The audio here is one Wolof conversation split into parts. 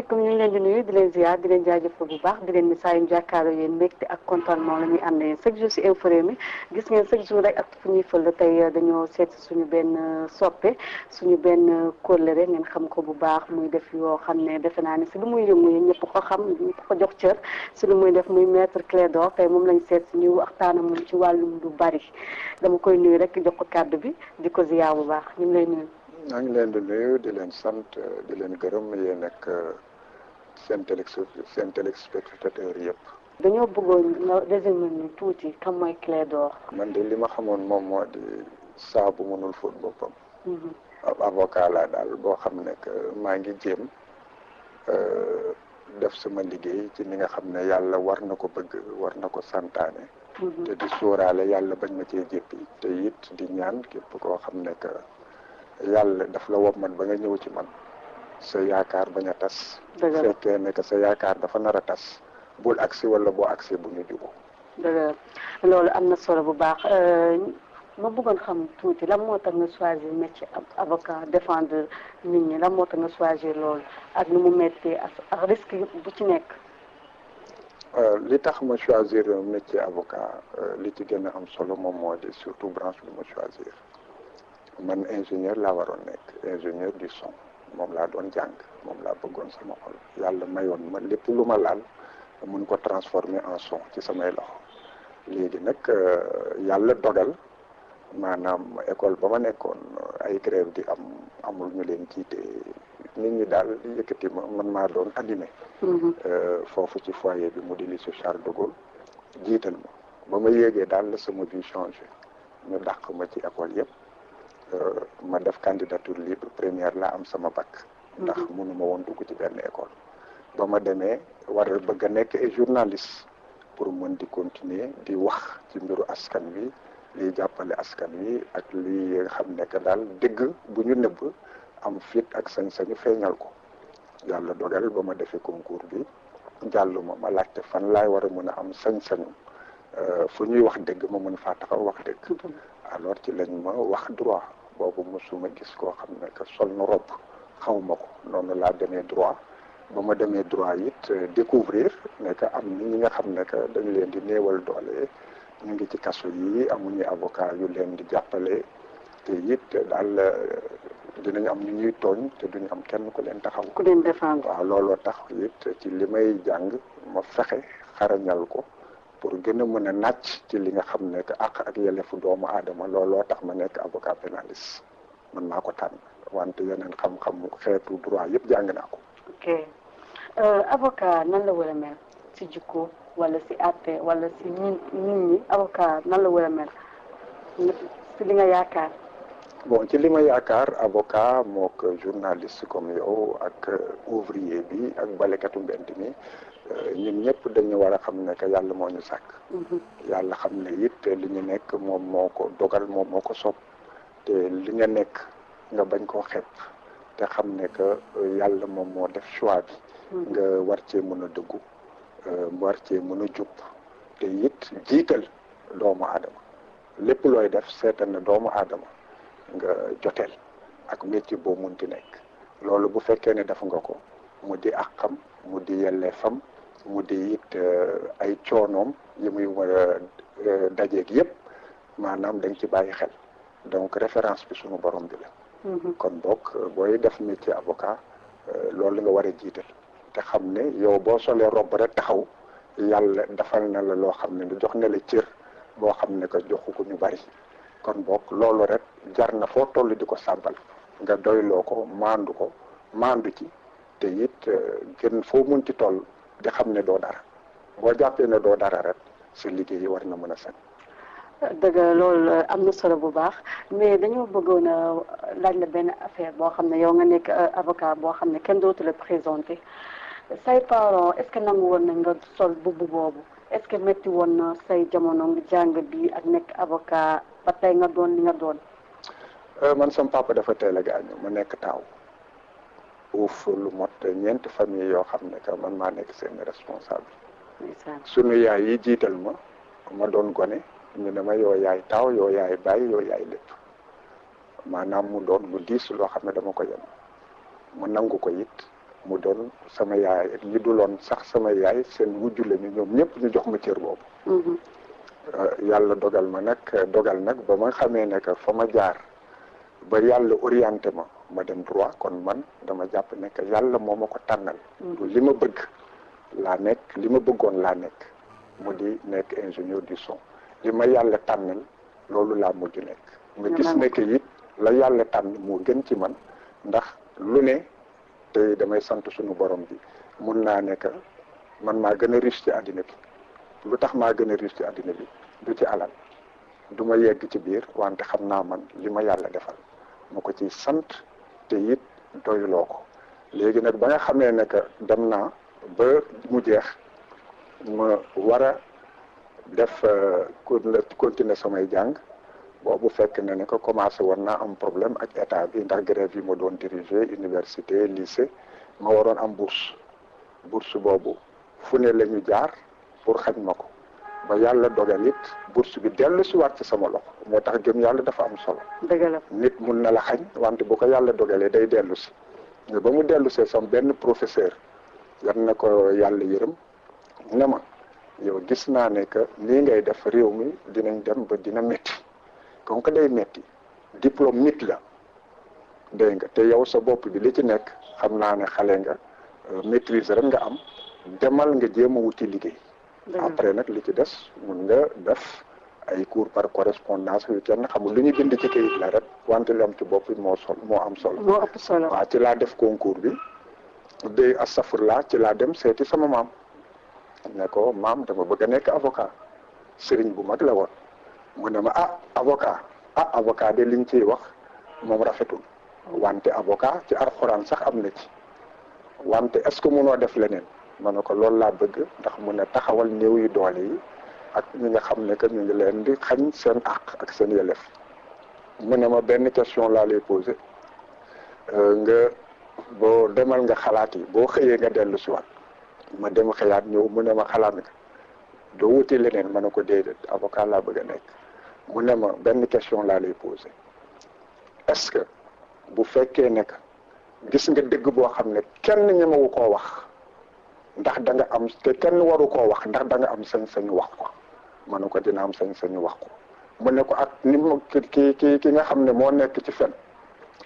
asalaamaaleykum ñu ngi leen di nuyu di leen ziar di leen jaajëfal bu baax di leen ni saa yu jàkkaarloo yéen mbégte ak contentement la ñuy ànd yéen mi gis ngeen chaque jour ak fu ñuy fël tey dañoo seet suñu benn euh, soppe suñu benn euh, kóllëre ngeen xam ko bu baax muy def yoo xam ne defe naa ne si lu muy yëngu ñëpp ko xam ko jox cër si lu muy def muy maître tey moom lañ seet si ñu waxtaana moom ci wàllum lu bari dama koy nuyu rek jox ko kàddu bi di ko ziar bu baax ñu ngi lay nuyu. maa ngi leen di nuyu di leen sant di leen gërëm yéen ak seen télé seen téléspectateur yëpp. dañoo bëggoon nga résumé ñu tuuti kan mooy Clédor. man de li ma xamoon moom moo di saabu bu mënul fóot boppam. Mhm. ab avocat laa daal boo xam ne maa ngi jéem euh, def sama liggéey ci li nga xam ne yàlla war na ko bëgg war na ko santaane. Mhm. te di sóoraale yàlla bañ ma cee jéppi. te it di ñaan képp koo xam ne que yàlla daf la man ba nga ñëw ci man. sa yaakaar bañ a tas fekkee ne que sa yaakaar dafa nar a tas bul agsi wala boo agsi bu ñu jubu loolu am na solo bu baax euh, ma bëggoon xam tuuti lan moo tax nga choisir métier avocat défendre nit ñi lan moo tax nga choisir loolu ak nu mu méttee ak risque bu ci nekk euh, li tax ma choisir métier avocat euh, li ci gën a am solo moom moo di surtout branche bi ma choisir man ingénieur la waroon nekk ingénieur du son moom laa doon jàng moom laa bëggoon sama xol yàlla mayoon ma lépp lu ma laal mun ko transformer en son ci samay loxo léegi nag euh, yàlla dogal maanaam école ba ma nekkoon ay grève di am amul ñu leen jiite nit ñi daal yëkkati ma man maa doon animé mm-hmm. euh, foofu ci foyer bi mu di lycée Charles de jiital ma ba ma yéegee daal la sama vie changé ñu dàq ma ci école yëpp Euh, ma def candidature libre première laa am sama bac. ndax mhm. mënu ma woon dugg ci benn école. ba ma demee wara a bëgg a nekk ay journaliste pour mën di continuer di wax ci mbiru askan wi luy jàppale askan wi ak li xam nekk daal dëgg bu ñu nëbb am fit ak sañ-sañu feeñal ko yàlla dogal ba ma defee concours bi jàlluma ma laajte fan laay war a mën a am sañ-sañu. Euh, fu ñuy wax dëgg ma mën faa taxaw wax dëgg mhm. alors ci lañ ma wax droit boobu mosuma gis koo xam ne que sol na robe xamuma ko noonu laa demee droit ba ma demee droit it euh, découvrir ne que am na ñi nga xam ne que dañ leen di néewal doole ñu ngi ci kaso yi ñuy avocat yu leen di jàppale te it daal euh, dinañ am ñu ñuy tooñ te duñu am kenn ku leen taxaw ko leen défendre waaw looloo tax it ci li may jàng ma fexe xarañal ko pour gën a mën a nàcc ci li nga xam ne que ak yelleefu doomu aadama looloo tax ma nekk avocat pénaliste man maa ko tànn wante yeneen xam-xam xeetu droit yëpp jàng ko. ok euh, avocat nan la war a mel si jikko wala si nan la war a mel nga yaakaar. bon ci li ma yaakaar avocat mook journaliste comme yow ak ouvrier bi ak balekatu mbent mi. ñun ñëpp dañu war a xam ne que yàlla moo ñu sàkk. Mhm. yàlla xam ne it li ñu nekk moom moo ko dogal moom moo ko sopp te li nga nekk nga bañ koo xeeb te xam ne que yàlla moom moo def choix bi. Mhm. nga war cee mën a dëggu euh, war cee mën a te it jiital doomu aadama lépp looy def seetal na doomu aadama nga joteel ak métier boo munti nekk loolu bu fekkee ne def nga ko mu di àqam mu di yelleefam mu di it eh, ay coonoom yi muy war a eh, dajeeg yëpp maanaam dañ ci bàyyi xel donc référence bi suñu borom bi la. Mm-hmm. kon boog booy def métier avocat eh, loolu la nga war a te xam ne yow boo solee robe rek taxaw yàlla defal na la loo xam ne jox na la cër boo xam ne que joxu ko ñu bari kon book loolu rek jar na foo toll di ko sàbbal nga doyloo ko maandu ko maandu ci te it gën foo mun ci toll. te xam ne doo dara boo jàppee ne doo dara rek sa liggéey war na mën a set. dëgg loolu am na solo bu baax mais dañoo bëggoon a laaj la benn affaire boo xam ne yow nga nekk euh, avocat boo xam ne kenn dootu la présenté say parents est-ce que nangu woon na nga sol bubb boobu est-ce que métti woon na say jamono jàng bi ak nekk avocat ba tey nga doon li nga doon. Euh, man sama papa dafa teel a gaañu ma nekk taaw. uuf lu mot ñeenti famille yoo xam ne que man maa nekk seen responsable suñu yaay yi jiital ma ma doon gone ñu ne ma yoo yaay taaw yoo yaay bàyyi yoo yaay lépp maanaam mu doon lu diis loo xam ne dama ko yem mu nangu ko it mu doon sama yaay ñi duloon sax sama yaay seen wujju lañu ñoom ñëpp ñu jox ma cër boobu mm-hmm. euh, yàlla dogal ma nag dogal nag ba ma xamee ne que fa ma jaar ba yàlla orienté ma ma dem droit kon man dama jàpp nekk yàlla moo ma ko tànnal. li ma bëgg laa nekk li ma bëggoon laa nekk mu di nekk ingénieur du son li ma yàlla tànnal loolu laa mujj nekk. ma gis ne que it la yàlla tànn moo gën ci man ndax lu ne te damay sant suñu borom bi mun naa ne que man maa gën a riche ci àddina bi lu tax maa gën a riche ci àddina bi du ci alal duma yegg ci biir wante xam naa man li ma yàlla defal ma ko ciy sant. te it doyuloo ko léegi nag ba nga xamee ne que dem naa ba jeex ma war a def euh, continuer samay jàng boobu fekk na ne que commencé woon naa am problème ak état bi ndax grève yi ma doon diriger université lycée ma waroon am bourse bourse boobu fu ne la ñu jaar pour xañ ma ko ba yàlla dogal it bourse bi dellu si ci sama loxo moo tax gëm yàlla dafa am solo dëgg nit mun na la xañ wante boo ko yàlla dogalee day dellu si ba mu dellu see sama benn professeur yan na ko yàlla yërëm ne yow gis naa ne que lii ngay def réew mi dinañ dem ba dina métti comme que day métti diplôme nit la dégg nga te yow sa bopp bi li ci nekk xam naa ne xale nga euh, maîtrise rek nga am demal nga jéem a wuti liggéey après nag li ci des mun nga def ay cours par correspondance yu kenn xamul lu ñu bind ci kayit la rek wante li am ci bopp moo sol moo am solo moo ëpp solo waaw ci laa def concours bi de astafurla ci laa dem seeti sama maam ne ko maam dama bëgg a nekk avocat sëriñ bu mag la woon mu ne ma ah avocat ah avocat de liñ ciy wax moom rafetul wante avocat ci ar alxuraan sax am na ci wante est-ce que munoo def leneen ma ne ko loolu laa bëgg ndax mun a taxawal néew yu doole yi ak ñi nga xam ne que ñu ngi leen di xañ seen àq ak seen yelleef mu ne ma benn question laa lay posé euh, nga boo demal nga xalaat yi boo xëyee nga dellu siwaat ma dem xëyaat ñëw mu ne ma xalaat nga doo wuti leneen ma ne ko déedéet avocat laa bëgg a nekk mu ne ma benn question laa lay posé est-ce que bu fekkee ne gis nga dëgg boo xam ne kenn ñemewu koo wax. ndax da nga am te kenn waru koo wax ndax da nga am sañ-sañu wax ko ma ne ko dina am sañ-sañu wax ko mu ne ko ak ni mu ki ki ki nga xam ne moo nekk ci fen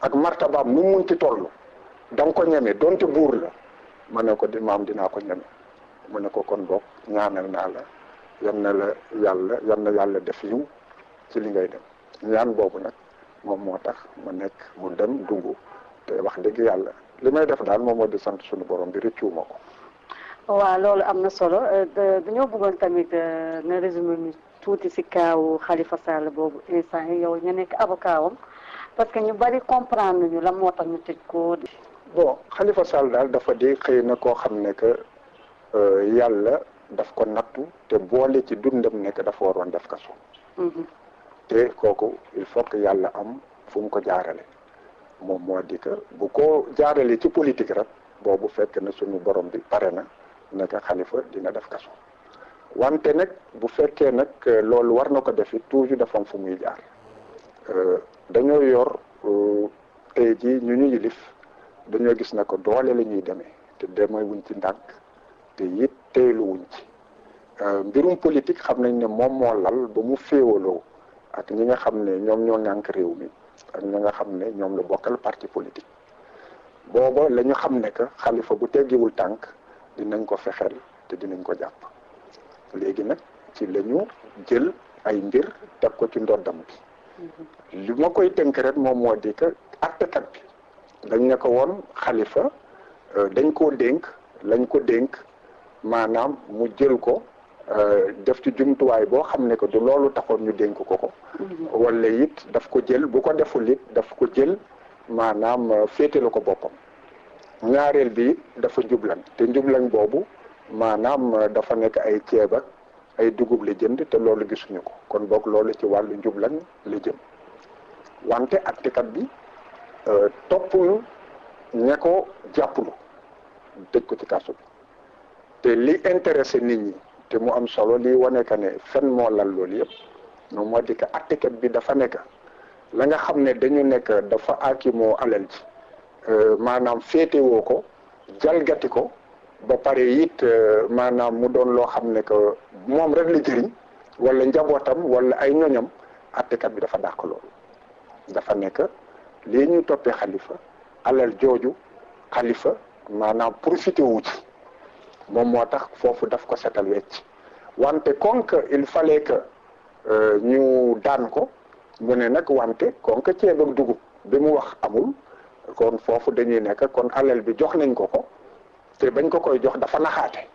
ak martabaam nu mun ci toll da nga ko ñeme donte buur la ma ne ko di maam dinaa ko ñeme mu ne ko kon boog ñaanal naa la yal na la yàlla yal na yàlla def yiw ci li ngay dem ñaan boobu nag moom moo tax ma nekk mu dem dungu te wax dëgg yàlla li may def daal moom moo di sant suñu borom bi rëccuwuma ko waaw loolu am na solo dañoo bëggoon tamit nga résumé mi tuuti si kaawu Khalifa Sall boobu instant yi yow ñu nekk avocat wam parce que ñu bari comprendre ñu la moo tax ñu tëj ko. bon Khalifa Sall daal dafa di xëy na koo xam ne que yàlla daf ko nattu te boole ci dundam nekk dafa waroon def kaso. te kooku il faut que yàlla am fu mu ko jaarale moom moo di que bu ko jaarale ci politique rek boobu fekk na suñu borom bi pare na. nekk khalifa dina def kaso wante nak bu fekke nak euh, lolou war na ko defi toujours da fam fu muy jaar euh, dañu yor euh, tey ji ñu ñu yilif dañu gis nako doole la ñuy demee te demee wuñ ci ndànk te yitt teelu wuñ ci mbirum politique xamnañ nañ ne moom moo lal bu mu féewaloo ak ñi nga xam ñom ñoo réew mi ak ñi nga ñom bokkal parti politique bobo lañu ñu ka khalifa bu teggiwul tank dinañ ko fexeel te dinañ ko jàpp léegi nag ci lañu jël ay mbir teg ko ci ndoddam bi li ma koy tënk rek moom moo di que bi dañ ne ko woon xalifa euh, dañ koo dénk lañ ko dénk maanaam mu jël ko euh, def ci jumtuwaay boo xam ne ko du loolu taxoon ñu dénk ko ko mm-hmm. wala it daf ko jël bu ko deful it daf ko jël maanaam euh, féetale ko boppam ñaareel bi dafa njublan te njublan boobu maanaam euh, dafa nekk ay ceeb ak ay dugub la jënd te loolu gisuñu ko kon boog loolu ci wàllu njublan la jëm wante attekat bi euh, toppul ña ko jàppulu tëj ko ci kaso bi te li intéressé nit ñi te mu am solo li wane ka ne fen moo lal loolu yëpp moom moo di que bi dafa nekk la nga xam ne dañu nekk dafa alal ci Euh, maanaam féetewoo ko jalgati ko ba pare it euh, maanaam mu doon loo xam ne que moom rek la jëriñ wala njabootam wala ay ñoñam attekat bi dafa dàq loolu dafa nekk lii ñuy toppee xalifa alal jooju xalifa maanaam profité wu ci moom moo tax foofu daf ko setal wecc wante konk il fallait que euh, ñu daan ko mu ne nag wante konk ceeb ak dugub bi mu wax amul kon foofu dañuy nekk kon alal bi jox nañ ko ko te bañ ko koy jox dafa naxaate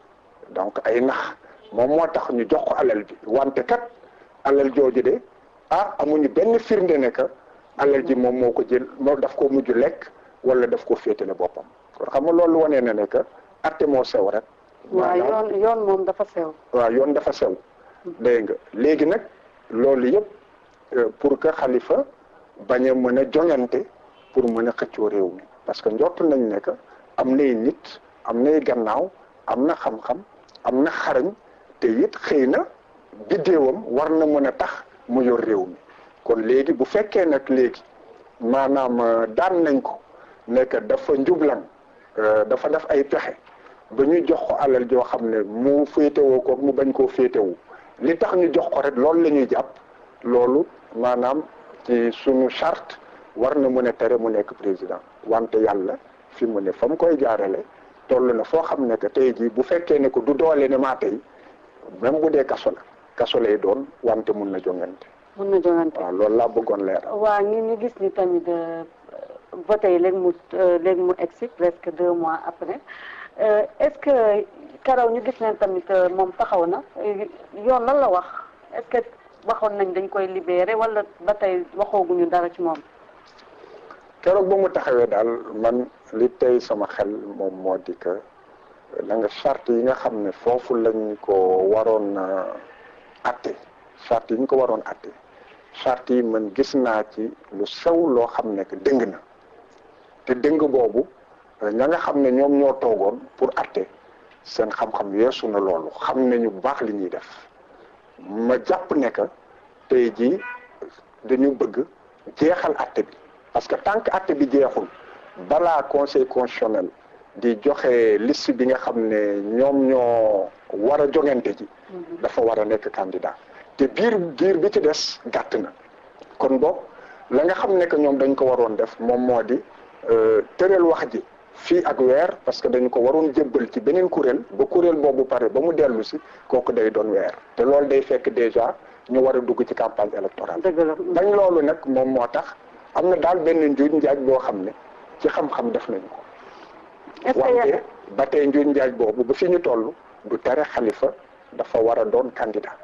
donc ay nax moom moo tax ñu jox ko alal bi wante kat alal jooju de ah amuñu benn firnde ne que alal ji moom moo ko jël moom daf ko mujj lekk wala daf ko féetale boppam kon xam nga loolu wanee na ne que atte moo sew rek. waaw yoon moom dafa sew. waaw yoon dafa sew. dégg nga léegi nag loolu yëpp euh, pour que xalifa bañ a mën a joŋante. pour mën a xëccoo réew mi parce que njort nañ ne que am nay nit am nay gannaaw am na xam-xam am na xarañ te it xëy na biddeewam war na mën a tax mu yor réew mi kon léegi bu fekkee nag léegi maanaam euh, daan nañ ko nekk dafa njublan euh, dafa def ay pexe ba ñu jox ko alal joo xam ne mu féetewoo ko mu bañ koo féetewu li tax ñu jox ko rek loolu lañuy ñuy jàpp loolu maanaam ci sunu charte war na mën a tere mu nekk président wante yàlla fi mu ne fa mu koy jaarale toll na foo xam ne que tey jii bu fekkee ne ko du doole ne maa tey même bu dee kaso la kaso lay doon wante mun na jongante. mun na jongante waaw loolu laa bëggoon leer. waa ñun ñu gis ni tamit euh, vote tey léegi mu euh, léegi mu egsi presque deux mois après euh, est-ce que Karaw ñu gis leen tamit moom taxaw na yoon lan la wax est-ce que waxoon nañ dañ koy libéré wala ba tey waxooguñu dara ci moom. keroog ba mu taxawee daal man li tey sama xel moom moo di que la nga charte yi nga xam ne foofu lañ ko waroon atte charte yi ñu ko waroon atte charte yi man gis naa ci lu sew loo xam ne que dëng na te dëng boobu ña xam ne ñoom ñoo toogoon pour atte seen xam-xam yeesu na loolu xam nañu bu baax li ñuy def ma jàpp ne que tey jii dañu bëgg jeexal atte bi parce que tant que acte bi jeexul balaa conseil constitutionnel di joxe liste bi nga xam ne ñoom ñoo war a jongante ji mhm. dafa war a nekk candidat te biir biir bi ci des gàtt na kon boog la nga xam ne que ñoom dañ ko waroon def moom moo di euh, tëral wax ji fii ak weer parce que dañu ko waroon jébbal ci beneen kuréel ba kuréel boobu pare ba mu dellu si kooku day doon weer te loolu day fekk déjà ñu war a dugg ci campagne électorale bañ loolu nag moom moo tax am na daal benn njuuj njaaj boo xam ne ci xam-xam def nañu ko. wante ba tey njuuj njaaj boobu ba fi ñu toll du tere xalifa dafa war a doon candidat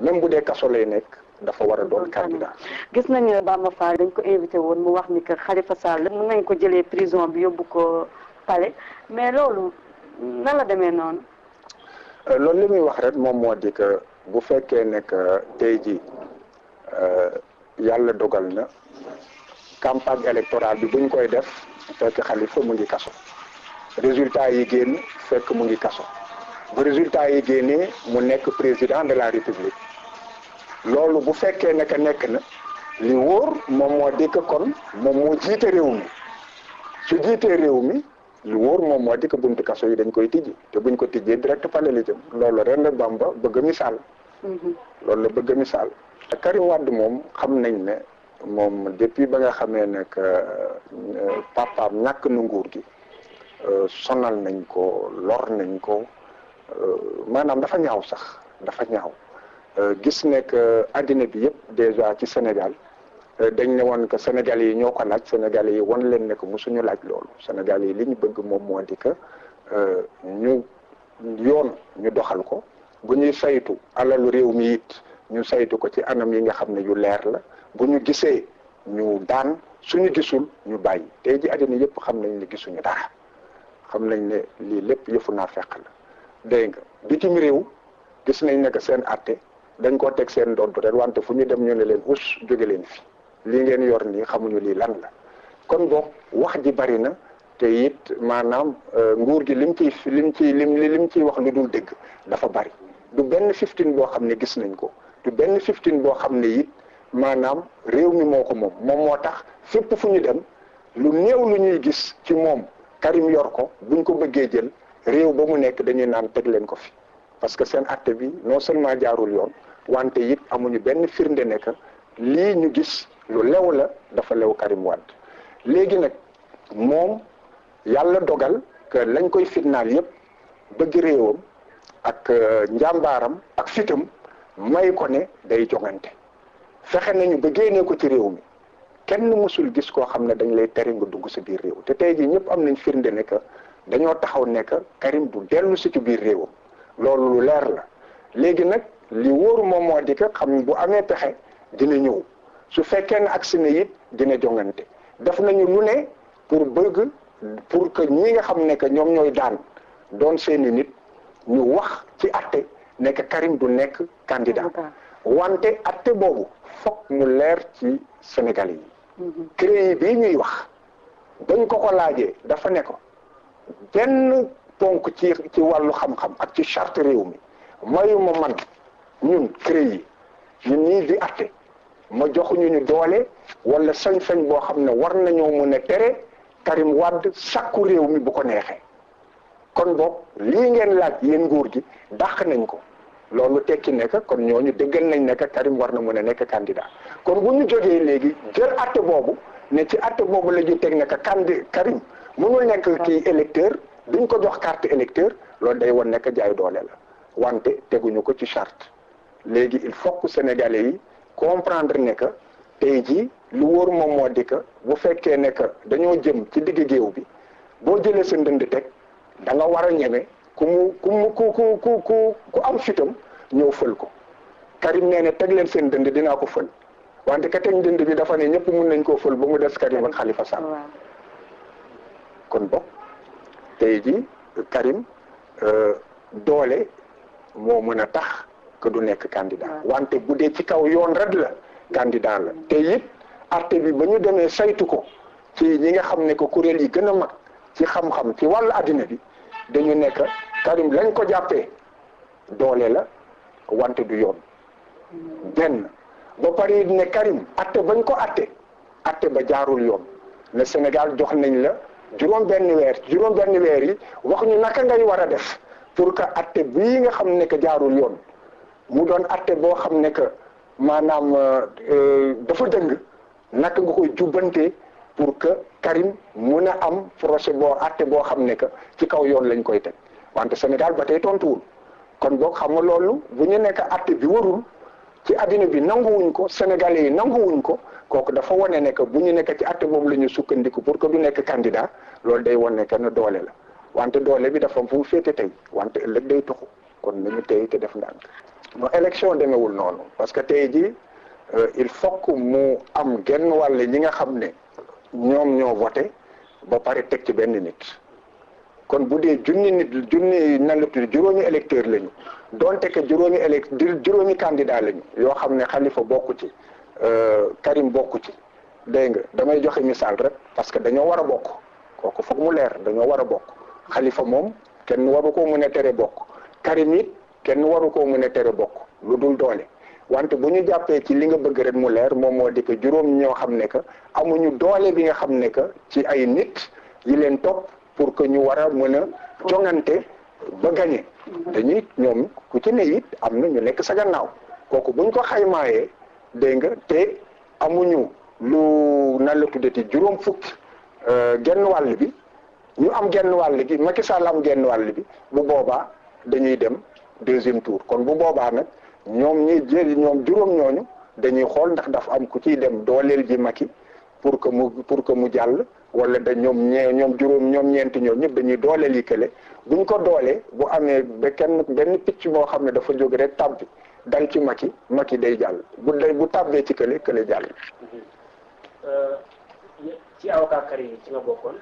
même bu dee kaso lay nekk. dafa war a doon candidat gis nañu Bamba Fall dañ ko invité woon mu wax ni que Khalifa Sall mën nañ ko jëlee prison bi yóbbu ko palais mais loolu nan la demee noonu. Euh, loolu li muy wax rek moom moo di que bu fekkee ne que tey jii euh, yàlla dogal na campagne électorale bi bu ñu koy def fekk xalifa mu ngi kaso résultat yi génn fekk mu ngi kaso bu résultat yi génnee mu nekk président de la république loolu bu fekkee nag que nekk na li wóor moom moo di que kon moom moo jiite réew mi su jiitee réew mi li wóor moom moo di que buntu kaso yi dañ koy tijji te buñ ko tijjee direct pale li jëm loolu ren la Bamba bëgg misaal mhm. loolu la bëgg misaal te Karim Wade moom xam nañ ne moom depuis ba nga xamee ne que euh, papaam ñàkk na nguur gi euh, sonal nañ ko lor nañ ko euh, maanaam dafa ñaaw sax dafa ñaaw gis ne que àddina bi yëpp déjà ci Sénégal dañ ne woon que Sénégal yi ñoo ko laaj Sénégal yi wan leen ne mu suñu laaj loolu Sénégal yi li ñu bëgg moom moo di que ñu yoon ñu doxal ko bu ñuy saytu alalu réew mi it ñu saytu ko ci anam yi nga xam ne yu leer la bu ñu gisee ñu daan suñu gisul ñu bàyyi tey ji àddina yëpp xam nañ ne gisuñu dara xam nañ ne lii lépp yëfu naa fekk la dégg nga bitim réew gis nañ ne seen àtte dañ koo teg seen doon peut wante fu ñu dem ñu ne leen us jóge leen fi lii ngeen yor nii xamuñu lii lan la kon boog wax ji bari na te it maanaam euh, nguur gi lim ciy lim ciy lim lim ciy wax lu dul dëgg dafa bari du benn fiftin boo xam ne gis nañ ko du benn fiftin boo xam ne it maanaam réew mi moo ko moom moom moo tax fépp fu ñu dem lu néew lu ñuy gis ci moom Karim yor ko buñ ko bëggee jël réew ba mu nekk dañuy naan teg leen ko fi parce que seen atte bi non seulement jaarul yoon wante it amuñu benn firnde ne que lii ñu gis lu lew la dafa lew Karim Wade léegi nag moom yàlla dogal que lañ koy fitnaal yépp bëgg réewam ak euh, njàmbaaram ak fitam may ko ne day jongante fexe nañu ba génnee ko ci réew mi kenn mosul gis koo xam ne dañ lay tere nga dugg sa biir réew te tey jii ñëpp am nañ firnde ne que dañoo taxaw ne que Karim du dellu si ci biir réewam loolu lu leer la léegi nag li wóoru moom moo di que xam bu amee pexe dina ñëw su fekkee ne agsi na it dina jongante def nañu lu ne pour bëgg pour que ñi nga xam ne que ñoom ñooy daan doon seeni nit ñu wax ci atte ne que Karim du nekk candidat wante atte boobu fokk mu leer ci Sénégal yi mhm. créé bii ñuy wax dañ ko ko laajee dafa ne ko benn ponk ci ci wàllu xam-xam ak ci charte réew mi mayuma man ñun créé yi ñun ñii di atte ma joxuñu ñu doole wala sañ-sañ boo xam ne war nañoo mën a tere Karim Wade sàkku réew mi bu ko neexee kon boog lii ngeen laaj yéen nguur gi dàq nañ ko loolu tekki ne kon ñoo ñu déggal nañ ne que Karim war na mën a nekk candidat kon bu ñu jógee léegi jël atte boobu ne ci atte boobu la ñu teg ne que kandi Karim mënul nekk kii électeur duñ ko jox carte électeur loolu day won nekk jaay doole la wante teguñu ko ci charte léegi il faut que sénégalais yi comprendre ne que tey ji lu wóor moom moo di que bu fekkee ne dañoo jëm ci digg géew bi boo jëlee sa ndënd teg da nga war a ñeme ku mu ku ku ku ku ku ku am fitam fël ko karim nee ne teg leen seen dënd dinaa ko fël wante ka teg dënd bi dafa ne ñëpp mun nañ koo fël mu karim ak xalifa sall kon bokk ji karim euh, doole moo mën tax du nekk candidat wante bu dee ci kaw yoon rek la candidat la te it arte bi ba ñu demee saytu ko ci ñi nga xam ko kuréel yi gën mag ci xam-xam ci wàllu bi dañu nekk Karim lañ ko jàppee doole la wante du yoon benn ba pare ne Karim atte bañ ko atte atte ba jaarul yoon ne Sénégal jox nañ la juróom benn weer juróom benn weer yi wax ñu naka ngay war a def pour que atte bii nga xam ne que jaarul yoon mu doon atte boo xam ne que maanaam euh, euh, dafa dëng naka nga koy jubbante pour que Karim mun a am procès boo atte boo xam ne que ci kaw yoon lañ koy teg wante Sénégal ba tey tontuwul kon boog xam nga loolu bu ñu nekk atte bi warul ci addina bi nanguwuñ ko sénégalais yi nanguwuñ ko kooku dafa wane ne que bu ñu nekk ci atte boobu la ñu sukkandiku pour que du nekk candidat loolu day wane kenn doole la wante doole bi dafa am fu mu féete tey wante ëllëg day toxu kon nañu tey te def ndànk non élection demewul noonu parce que tey ji euh, il faut mu am genn wàll ñi nga xam ne ñoom ñoo voté ba pare teg ci benn nit kon bu dee junni nit junni nan la tudd juróomi électeur lañu donte que juróomi élect juróomi candidat lañu yoo xam ne Khalifa bokku ci euh, Karim bokku ci dégg nga damay joxe misaal rek parce que dañoo war a bokk kooku foog mu leer dañoo war a bokk xalifa moom kenn waru koo mun a tere bokk Karim it kenn waru koo mun a tere bokk lu dul doole wante bu ñu jàppee ci li nga bëgg rek mu leer moom moo di que juróom ñoo xam ne que amuñu doole bi nga xam ne que ci ay nit yi leen pour que ñu war a mën a jongante ba gañe te ñuy ñoom ku ci ne it am na ñu nekk sa gannaaw kooku buñ ko xaymaayee dégg nga te amuñu lu nan la tuddati juróom fukki euh, genn wàll bi ñu am genn wàll gi Macky Sall am genn wàll bi bu boobaa dañuy dem deuxième tour kon bu boobaa nag ñoom ñuy jël ñoom juróom ñooñu dañuy xool ndax dafa am ku ciy dem dooleel ji Macky pour que mu pour que mu jàll wala da ñoom ñee ñoom juróom ñoom ñeenti ñoo ñëpp dañuy doole lii kële ñu ko doolee bu amee ba kenn benn picc moo xam ne dafa jóg rek tàbbi dal ci Macky Macky day jàll bu day bu tàbbee ci kële kële jàll. Euh, ci avocat Karim ci nga bokkoon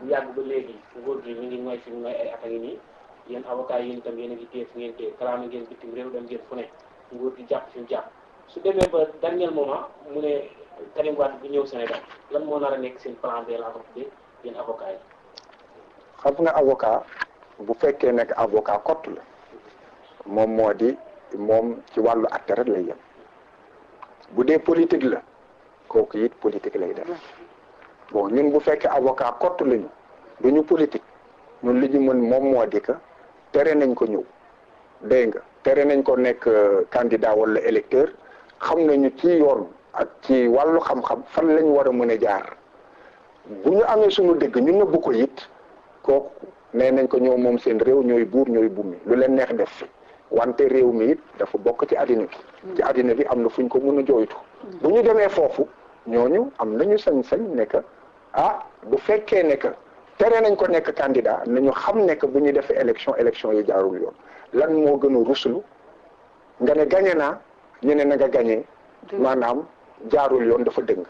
bu yàgg ba léegi nguur gi mi ngi mooy fi mu mooy ay at ngi nii yéen avocat yi yéen itam yéen a ngi téye fi ngeen téye kalaama bitim réew dem ngeen fu ne nguur gi jàpp fi mu jàpp su demee ba dernier moment mu ne. Karim bu ñëw Sénégal lan moo nar a nekk seen plan B laa xam nga avocat bu fekkee nekk avocat kott la moom moo di moom ci wàllu àtte rek lay yem bu dee politique la kooku it politique lay def bon ñun bu fekkee avocat kott lañu du ñu politique ñun li ñu mën moom moo dika tere nañ ko ñëw dégg nga tere nañ ko nekk euh, candidat wala électeur xam nañu ci yoon. ak ci wàllu xam-xam fan lañ war a mën a jaar bu ñu amee suma dëgg ñu nëbb ko it kooku nee nañ ko ñoo moom seen réew ñooy buur ñooy bummi lu leen neex def fi wante réew mi it dafa bokk ci àddina bi mm. ci àddina bi am na fuñ ko mën a jooytu mm. bu ñu demee foofu ñooñu am nañu sañ-sañ nekk ah bu fekkee nekk tere nañ ko nekk candidat nañu xam nekk bu ñu defee élection élection yi jaarul yoon lan moo gën a ruslu nga ne gañe naa ñu ne na nga gañee maanaam jaarul yoon dafa dëng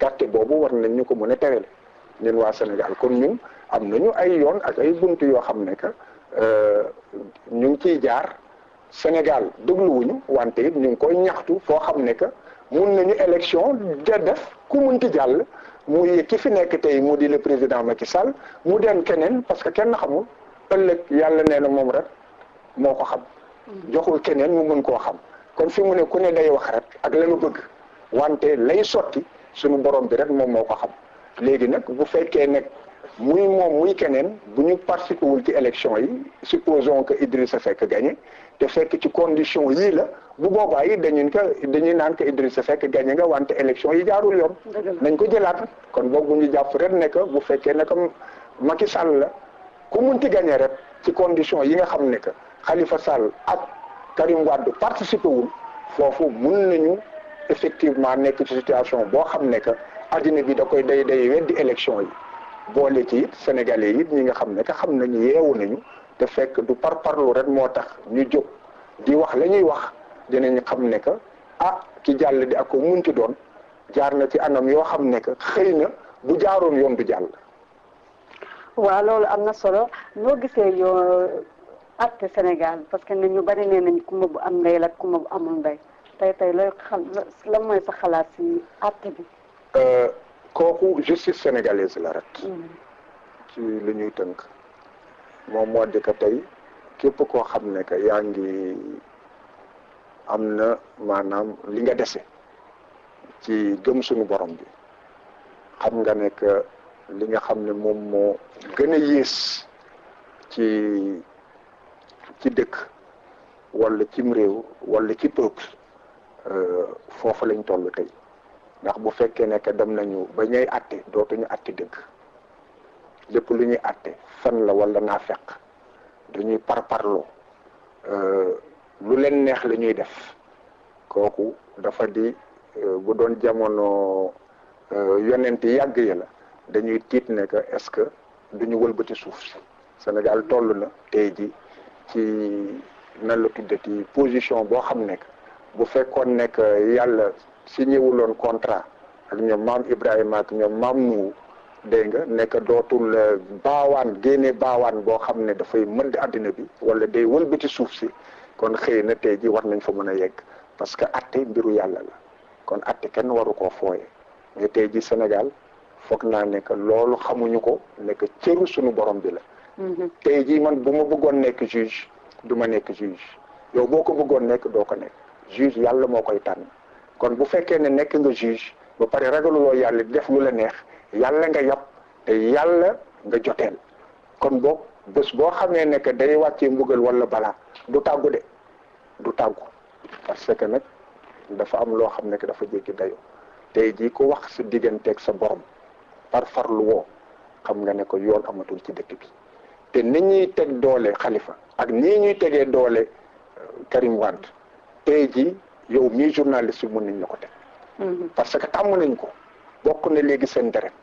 gàtte boobu war nañ ñu ko mën a terele ñun waa Sénégal kon ñun am nañu ay yoon ak ay bunt yoo xam ne que euh, ñu ngi ciy jaar Sénégal dégluwuñu wante it ñu ngi koy ñaxtu foo xam ne que mun nañu élection ja def ku munti jàll muy ki fi nekk tey mu di le président ma Macky Sall mu dem keneen parce que kenn xamul ëllëg yàlla nee na moom rek moo ko xam mm-hmm. joxul keneen mu mën koo xam kon fi mu ne ku ne day wax rek ak la nga bëgg wante lay sotti suñu borom bi rek supposons que Idrissa gagné ci condition la bu yi que dañuy que Idrissa gagné nga élection yi jaarul yoon. que bu que effectivement nekk ci situation boo xam ne que addina bi da koy day day weddi élection yi boole ci it sénégalais yi ñi nga xam ne que xam nañu yeewu nañu te fekk du par parlu rek moo tax ñu jóg di wax lañuy ñuy wax dinañ xam ne que ah ki jàll di ak ko munti doon jaar na ci anam yoo xam ne que xëy na bu jaaroon yoon du jàll. waaw loolu am na solo noo gisee yoo àtte euh, Sénégal parce que ñu bari nee nañ kumba bu am ndey la kumba bu amul ndey. tey tey looy xam mooy sa xalaat si àtte bi. Euh, kooku justice sénégalaise la rek. Mm. ci li ñuy tënk. moom moo di que tey képp koo xam ne que yaa ngi am na maanaam li nga dese. ci gëm suñu borom bi. xam nga nekk li nga xam ne moom moo gën a yées ci ci dëkk. wala cim réew wala ci peuple Euh, foofu lañ toll tey ndax bu fekkee ne dem nañu ba ñay àtte dootuñu àtte dëgg lépp lu ñuy àtte fen la wala naa feq dañuy parparloo euh, lu leen neex la ñuy def kooku dafa di euh, bu doon jamono yonent yàgg ya la dañuy tiit ne que est-ce que duñu wëlbati suuf si Sénégal toll na tey ji ci nan la tuddati position boo xam ne bu fekkoon nekk yàlla signé wuloon contrat ak ñoom maam Ibrahima ak ñoom maam Nuhu dégg nga nekk dootul euh, baawaan génne baawaan boo xam ne dafay mën di àddina bi wala day wëlbati suuf si kon xëy na tey ji war nañ fa mën a yegg parce que atte mbiru yàlla la kon atte kenn waru ko fooye mais tey ji Sénégal foog naa nekk loolu xamuñu ko nekk cëru suñu borom bi la mhm. tey jii man bu ma bëggoon nekk juge du ma nekk juge yow boo ko bëggoon nekk doo ko nekk juge yàlla moo koy tànn kon bu fekkee ne nekk nga juge ba pare ragaluloo yàlla def lu la neex yàlla nga yàpp te yàlla nga joteel kon boog bés boo xamee ne que day wàccee mbugal wala balaa du tàggu de du tàggu parce que nag dafa am loo xam ne que dafa jéggi dayo te jii ko wax sa digganteeg sa borom par farlu woo xam nga ne ko yoon amatul ci dëkk bi te ni ñuy teg doole xalifa ak nii ñuy tegee doole euh, Karim tey ji yow mi journaliste yi mën nañ ko teg mm-hmm. parce que tàmm nañ ko bokk na léegi seen deret